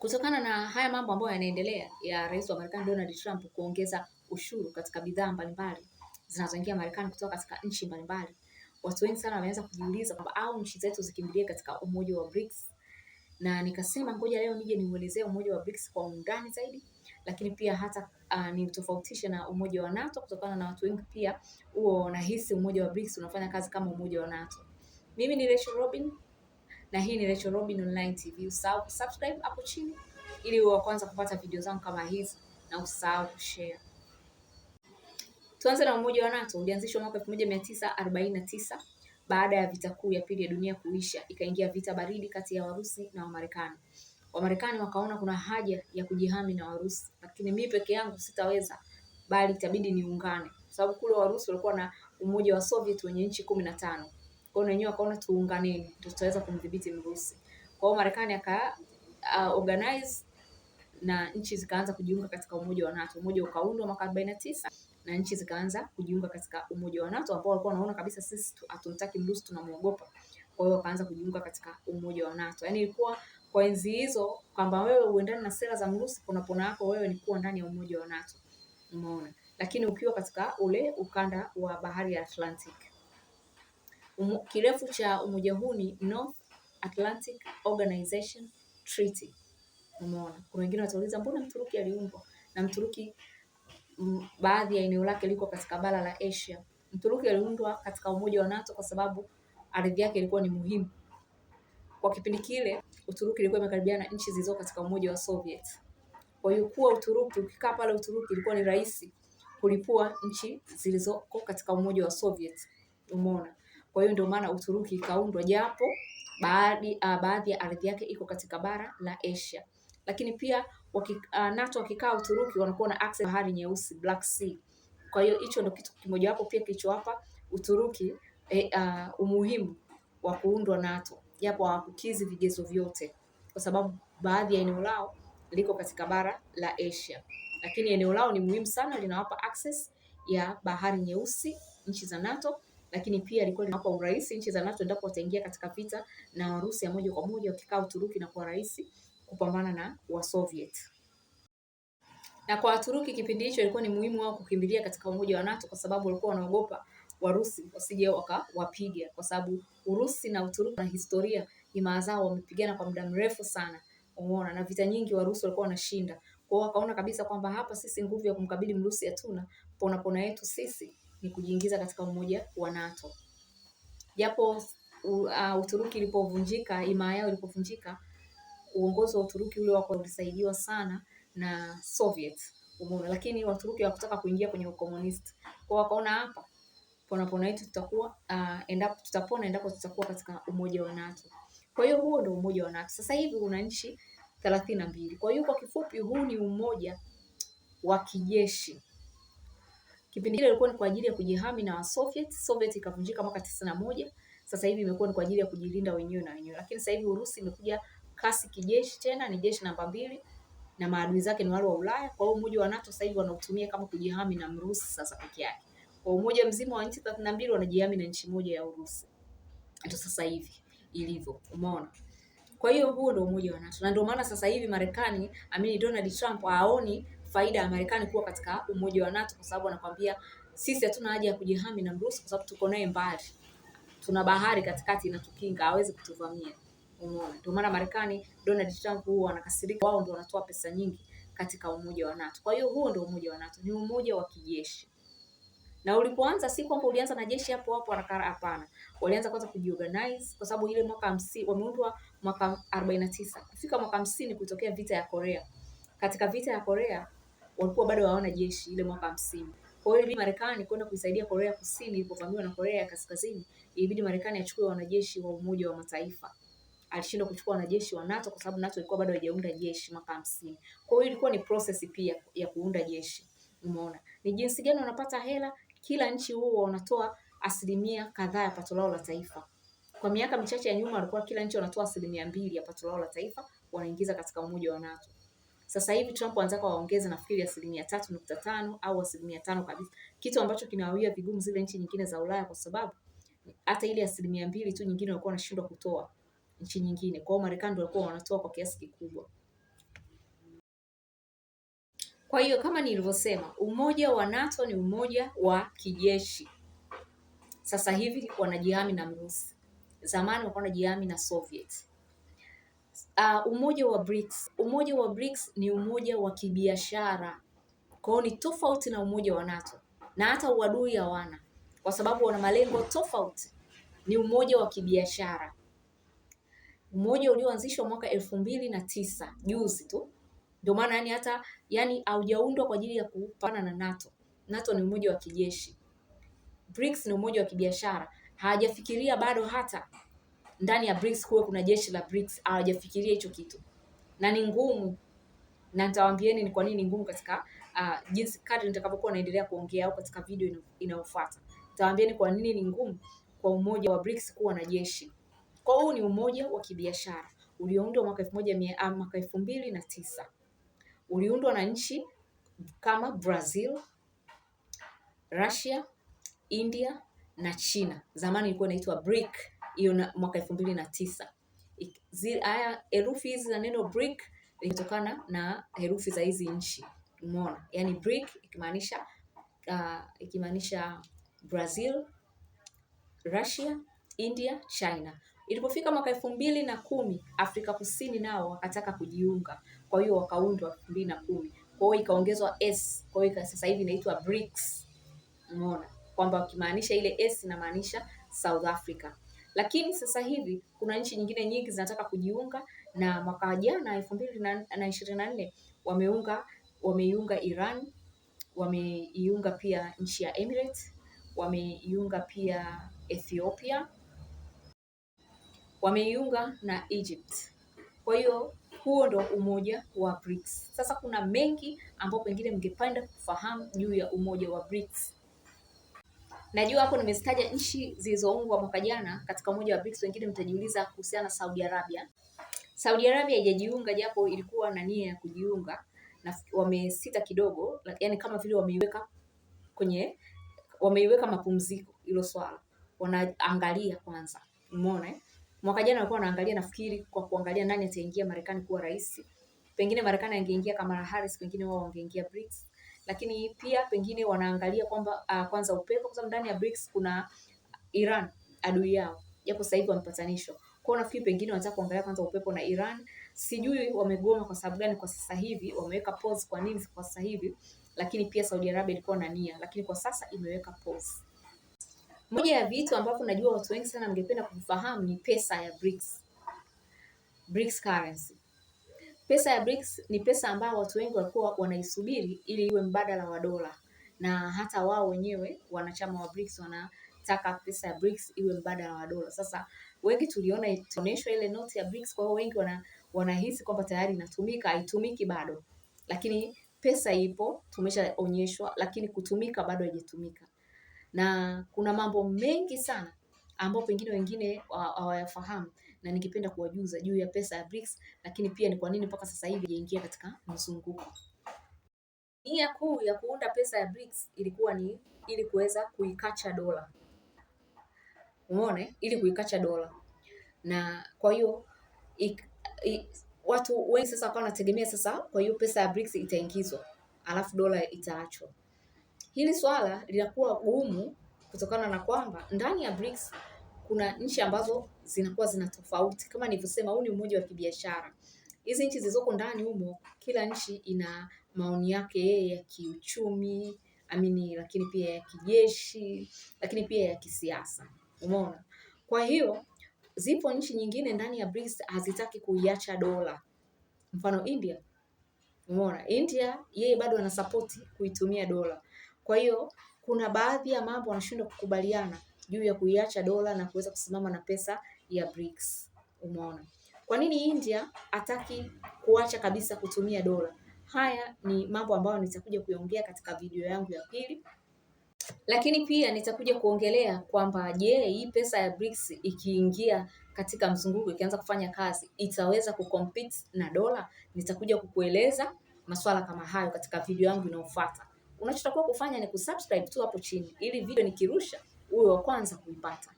kutokana na haya mambo ambayo yanaendelea ya rais wa Marekani Donald Trump kuongeza ushuru katika bidhaa mbalimbali zinazoingia Marekani kutoka katika nchi mbalimbali, watu wengi sana wameanza kujiuliza kwamba au nchi zetu zikimbilie katika umoja wa BRICS, na nikasema ngoja leo nije niuelezee umoja wa BRICS kwa undani zaidi, lakini pia hata uh, nitofautishe na umoja wa NATO kutokana na watu wengi pia huo wanahisi umoja wa BRICS unafanya kazi kama umoja wa NATO. Mimi ni Rachel Robin na hii ni Rachel Robin Online TV. Usahau kusubscribe hapo chini ili uwe wa kwanza kupata video zangu kama hizi na usahau kushare. Tuanze na umoja wa NATO ulianzishwa mwaka 1949 baada ya vita kuu ya pili ya dunia kuisha, ikaingia vita baridi kati ya Warusi na Wamarekani. Wamarekani wakaona kuna haja ya kujihami na Warusi, lakini mimi peke yangu sitaweza, bali itabidi niungane, kwa sababu kule Warusi walikuwa na umoja wa Soviet wenye nchi kumi na tano. Kwa hiyo wenyewe wakaona tuunganeni, ndio tutaweza kumdhibiti Mrusi. Kwa hiyo Marekani aka uh, organize na nchi zikaanza kujiunga katika umoja wa NATO. Umoja ukaundwa mwaka 49 na nchi zikaanza kujiunga katika umoja wa NATO, ambao walikuwa wanaona kabisa sisi hatumtaki Mrusi, tunamwogopa. Kwa hiyo wakaanza kujiunga katika umoja wa NATO. Yaani ilikuwa kwa enzi hizo kwamba wewe uendane na sera za Mrusi, ponapona yako wewe ni kuwa ndani ya umoja wa NATO. Umeona, lakini ukiwa katika ule ukanda wa bahari ya Atlantic. Kirefu cha umoja huu ni North Atlantic Organization Treaty. Umeona, kuna wengine watauliza mbona Mturuki aliumbwa? Na Mturuki mm, baadhi ya eneo lake liko katika bara la Asia. Mturuki aliundwa katika umoja wa NATO kwa sababu ardhi yake ilikuwa ni muhimu. Kwa kipindi kile Uturuki ilikuwa imekaribiana na nchi zilizo katika umoja wa Soviet. Kwa hiyo kuwa Uturuki, ukikaa pale Uturuki ilikuwa ni rahisi kulipua nchi zilizoko katika umoja wa Soviet. Umeona. Kwa hiyo ndio maana Uturuki ikaundwa, japo baadhi ah, baadhi ya ardhi yake iko katika bara la Asia, lakini pia waki, uh, NATO wakikaa Uturuki wanakuwa na access bahari nyeusi Black Sea. Kwa hiyo hicho ndio kitu kimojawapo pia kilichowapa Uturuki eh, uh, umuhimu wa kuundwa NATO, japo hawakukizi vigezo vyote, kwa sababu baadhi ya eneo lao liko katika bara la Asia, lakini eneo lao ni muhimu sana, linawapa access ya bahari nyeusi nchi za NATO lakini pia alikuwa linawapa urahisi nchi za NATO endapo wataingia katika vita na Warusi ya moja kwa moja, wakikaa Uturuki na kuwa rahisi kupambana na Wasoviet. Na kwa Waturuki kipindi hicho ilikuwa ni muhimu wao kukimbilia katika umoja wa NATO kwa sababu walikuwa wanaogopa Warusi wasije wakawapiga, kwa sababu Urusi na Uturuki na historia jamaa zao wamepigana kwa muda mrefu sana, umeona, na vita nyingi Warusi walikuwa wanashinda. Kwa hiyo wakaona kabisa kwamba hapa sisi nguvu ya kumkabili Mrusi hatuna, pona pona yetu sisi ni kujiingiza katika umoja wa NATO. Japo uh, Uturuki ilipovunjika, himaya yao ilipovunjika, uongozi wa Uturuki ule wako ulisaidiwa sana na Soviet Umoja, lakini Waturuki hawakutaka kuingia kwenye ukomunisti. Kwa wakaona hapa pona pona yetu tutakuwa uh, endapo tutapona endapo tutakuwa katika umoja wa NATO. Kwa hiyo huo ndio umoja wa NATO. Sasa hivi una nchi thelathini na mbili. Kwa hiyo kwa kifupi, huu ni umoja wa kijeshi Kipindi kile ilikuwa ni kwa ajili ya kujihami na Soviet. Soviet ikavunjika mwaka tisini na moja. Sasa hivi imekuwa ni kwa ajili ya kujilinda wenyewe na wenyewe, lakini sasa hivi Urusi imekuja kasi kijeshi, tena ni jeshi namba mbili na maadui zake ni wale wa Ulaya. Kwa hiyo umoja wa NATO sasa hivi wanautumia kama kujihami na Mrusi sasa peke yake, kwa umoja mzima wa nchi thelathini na mbili wanajihami na nchi moja ya Urusi. Ndio sasa hivi ilivyo, umeona. Kwa hiyo huo ndio umoja wa NATO na ndio maana sasa hivi Marekani, amini Donald Trump haoni faida ya Marekani kuwa katika umoja wa NATO, kwa sababu anakuambia sisi hatuna haja ya kujihami na Mrusi kwa sababu tuko naye mbali, tuna bahari katikati inatukinga, hawezi kutuvamia. Umeona, ndio maana Marekani, Donald Trump huwa anakasirika, wao ndio wanatoa pesa nyingi katika umoja wa NATO. Kwa hiyo huo ndio umoja wa NATO, ni umoja wa kijeshi na ulipoanza si kwamba ulianza na jeshi hapo hapo haraka, hapana. Walianza kwanza kujiorganize kwa sababu ile mwaka 50 wameundwa mwaka 49 kufika mwaka 50 kutokea vita ya Korea. Katika vita ya Korea walikuwa bado hawana jeshi ile mwaka hamsini. Kwa hiyo ilibidi Marekani kwenda kuisaidia Korea Kusini ilipovamiwa na Korea ya Kaskazini, ilibidi Marekani achukue wanajeshi wa Umoja wa Mataifa. Alishindwa kuchukua wanajeshi wa NATO kwa sababu NATO ilikuwa bado haijaunda jeshi mwaka hamsini. Kwa hiyo ilikuwa ni process pia ya kuunda jeshi. Umeona ni jinsi gani wanapata hela? Kila nchi huwa wanatoa asilimia kadhaa ya pato lao la taifa. Kwa miaka michache ya nyuma, walikuwa kila nchi wanatoa asilimia mbili ya pato lao la taifa, wanaingiza katika umoja wa NATO. Sasa hivi Trump wanataka waongeze nafikiri asilimia tatu nukta tano au asilimia tano kabisa, kitu ambacho kinawawia vigumu zile nchi nyingine za Ulaya kwa sababu hata ile asilimia mbili tu nyingine walikuwa wanashindwa kutoa nchi nyingine. Kwa hiyo Marekani ndio walikuwa wanatoa kwa kiasi kikubwa. Kwa hiyo kama nilivyosema, umoja wa NATO ni umoja wa kijeshi. Sasa hivi wanajihami na mrusi zamani walikuwa wanajihami na Soviet uh, umoja wa BRICS. Umoja wa BRICS ni umoja wa kibiashara, kwa hiyo ni tofauti na umoja wa NATO na hata uadui hawana, kwa sababu wana malengo tofauti. Ni umoja wa kibiashara, umoja ulioanzishwa mwaka elfu mbili na tisa juzi tu, ndio maana yani hata yani haujaundwa kwa ajili ya kupana na NATO. NATO ni umoja wa kijeshi, BRICS ni umoja wa kibiashara, hawajafikiria bado hata ndani ya BRICS kuwe kuna jeshi la BRICS. Hawajafikiria hicho kitu na ni ngumu, na nitawaambieni ni kwa nini ni ngumu katika uh, jinsi kadri nitakapokuwa naendelea kuongea au katika video inayofuata nitawaambieni kwa nini ni ngumu kwa umoja wa BRICS kuwa na jeshi. Kwa huu ni umoja wa kibiashara ulioundwa mwaka elfu moja mia ah, mwaka elfu mbili na tisa uliundwa na nchi kama Brazil, Russia, India na China. Zamani ilikuwa inaitwa BRIC hiyo mwaka elfu mbili na tisa. Haya herufi hizi za neno brick ilitokana na herufi za hizi nchi, umeona? Yani brick ikimaanisha uh, ikimaanisha Brazil, Russia, India, China. Ilipofika mwaka elfu mbili na kumi Afrika Kusini nao wakataka kujiunga, kwa hiyo wakaundwa elfu mbili na kumi kwa hiyo ikaongezwa S, kwa hiyo sasa hivi inaitwa BRICS. Umeona kwamba ukimaanisha ile S inamaanisha South Africa. Lakini sasa hivi kuna nchi nyingine nyingi zinataka kujiunga, na mwaka jana elfu mbili na ishirini na nne wameunga wameiunga Iran, wameiunga pia nchi ya Emirates, wameiunga pia Ethiopia, wameiunga na Egypt. Kwa hiyo huo ndo umoja wa BRICS. Sasa kuna mengi ambao pengine mngependa kufahamu juu ya umoja wa BRICS. Najua hapo nimezitaja nchi zilizoungwa mwaka jana katika umoja wa BRICS. Wengine mtajiuliza kuhusiana na Saudi Arabia. Saudi Arabia haijajiunga japo ilikuwa na nia ya kujiunga na wamesita kidogo, yani kama vile wameiweka kwenye wameiweka mapumziko hilo swala, wanaangalia kwanza. Umeona, eh? mwaka jana walikuwa wanaangalia, nafikiri kwa kuangalia nani ataingia Marekani kuwa rais. Pengine Marekani angeingia Kamala Harris, pengine wao wangeingia BRICS lakini pia pengine wanaangalia kwamba uh, kwanza upepo, kwa sababu ndani ya BRICS kuna Iran adui yao, japo sasa hivi wamepatanisho kwao. Nafikiri pengine wanataka kuangalia kwanza upepo na Iran, sijui wamegoma kwa sababu gani kwa sasa hivi, wameweka pause kwa nini kwa sasa hivi, lakini pia Saudi Arabia ilikuwa na nia, lakini kwa sasa imeweka pause. Moja ya vitu ambavyo najua watu wengi sana mngependa kufahamu ni pesa ya BRICS. BRICS currency Pesa ya BRICS ni pesa ambayo watu wengi walikuwa wanaisubiri ili iwe mbadala wa dola, na hata wao wenyewe wanachama wa BRICS wanataka pesa ya BRICS iwe mbadala wa dola. Sasa wengi tuliona itoneshwa ile noti ya BRICS, kwa hiyo wengi wana, wanahisi kwamba tayari inatumika, haitumiki bado, lakini pesa ipo, tumeshaonyeshwa, lakini kutumika bado haijatumika, na kuna mambo mengi sana ambao pengine wengine hawayafahamu na ningependa kuwajuza juu ya pesa ya BRICS, lakini pia ni kwa nini mpaka sasa hivi haijaingia katika mzunguko. Nia kuu ya kuunda pesa ya BRICS ilikuwa ni ili kuweza kuikacha dola, umeona, ili kuikacha dola, na kwa hiyo watu wengi sasa wakawa wanategemea sasa, kwa hiyo pesa ya BRICS itaingizwa alafu dola itaachwa. Hili swala linakuwa gumu kutokana na kwamba ndani ya BRICS kuna nchi ambazo zinakuwa zina tofauti. Kama nilivyosema, huu ni umoja wa kibiashara. Hizi nchi zilizoko ndani humo, kila nchi ina maoni yake yeye ya kiuchumi amini, lakini pia ya kijeshi, lakini pia ya kisiasa. Umeona? Kwa hiyo zipo nchi nyingine ndani ya BRICS hazitaki kuiacha dola, mfano India. Umeona, India yeye bado anasapoti kuitumia dola. Kwa hiyo kuna baadhi ya mambo wanashindwa kukubaliana juu ya kuiacha dola na kuweza kusimama na pesa ya BRICS. Umeona kwa nini India hataki kuacha kabisa kutumia dola? Haya ni mambo ambayo nitakuja kuyaongea katika video yangu ya pili, lakini pia nitakuja kuongelea kwamba je, hii pesa ya BRICS ikiingia katika mzunguko ikianza kufanya kazi itaweza kucompete na dola. Nitakuja kukueleza maswala kama hayo katika video yangu inayofuata. Unachotakiwa kufanya ni kusubscribe tu hapo chini, ili video nikirusha uwe wa kwanza kuipata.